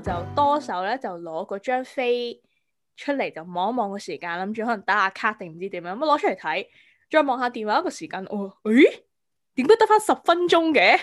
就多手咧，就攞嗰張飛出嚟，就望一望個時間，諗住可能打下卡定唔知點樣，咁攞出嚟睇，再望下電話一個時間，哦，誒點解得返十分鐘嘅？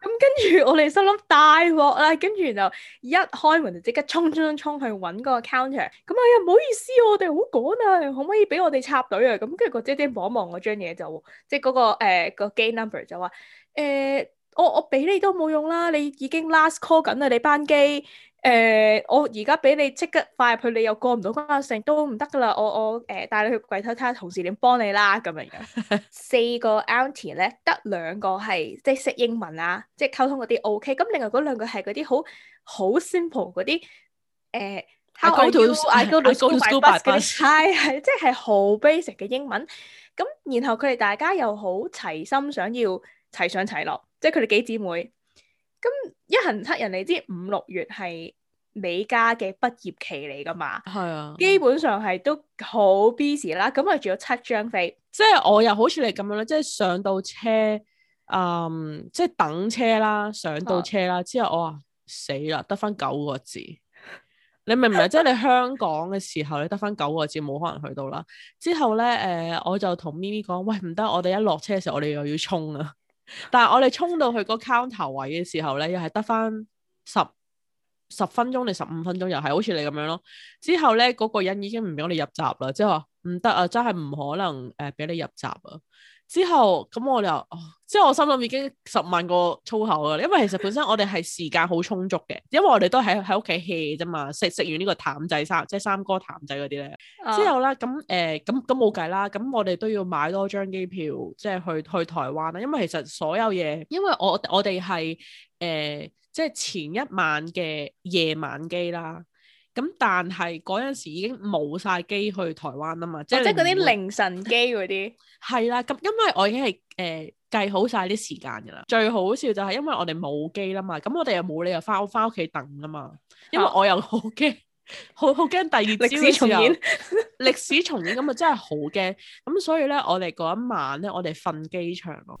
咁跟住我哋心諗大鑊啦，跟住就一開門就即刻衝衝衝衝去揾嗰個 counter，咁哎呀唔好意思，我哋好趕啊，可唔可以俾我哋插隊啊？咁跟住個姐姐望一望嗰張嘢，就即係、那、嗰個誒個 gate number 就話誒。呃哦、我我俾你都冇用啦，你已經 last call 緊啦，你班機誒、呃，我而家俾你即刻快入去，你又過唔到關啊，成都唔得噶啦，我我誒、呃、帶你去櫃頭睇下同事點幫你啦，咁樣。 四個 Auntie 咧，得兩個係即係識英文啊，即係溝通嗰啲 OK。咁另外嗰兩個係嗰啲好好 simple 嗰啲誒，hello I go to school bus 嗰啲 h 即係好 basic 嘅英文。咁然後佢哋大家又好齊心想要。齊上齊落，即係佢哋幾姊妹咁一行七人嚟。你知五六月係美加嘅畢業期嚟噶嘛？係啊，基本上係都好 busy 啦。咁啊、嗯，仲有七張飛，即係我又好似你咁樣啦，即係上到車，嗯，即係等車啦，上到車啦，啊、之後我，我話死啦，得翻九個字， 你明唔明？ 即係你香港嘅時候，你得翻九個字，冇可能去到啦。之後咧，誒，我就同咪咪講，喂，唔得，我哋一落車嘅時候，我哋又要衝啦！ 但係我哋衝到去個 counter 位嘅時候咧，又係得翻十十分鐘定十五分鐘，又係好似你咁樣咯。之後咧，嗰、嗰個人已經唔俾我哋入閘啦，即係話唔得啊，真係唔可能誒俾、呃、你入閘啊。之後咁我就，即、哦、係我心諗已經十萬個粗口啦，因為其實本身我哋係時間好充足嘅， 因為我哋都喺喺屋企歇 e 啫嘛，食食完呢個淡仔三，即係三哥淡仔嗰啲咧。哦、之後咧咁誒咁咁冇計啦，咁、呃、我哋都要買多張機票，即係去去台灣啦，因為其實所有嘢，因為我我哋係誒即係前一晚嘅夜晚機啦。咁但係嗰陣時已經冇晒機去台灣啦嘛，即係即係嗰啲凌晨機嗰啲係啦，咁 因為我已經係誒計好晒啲時間噶啦，最好笑就係因為我哋冇機啦嘛，咁我哋又冇理由翻翻屋企等噶嘛，因為我又好驚，好好驚第二朝歷史重演，歷 史重演咁啊真係好驚，咁所以咧我哋嗰一晚咧我哋瞓機場咯。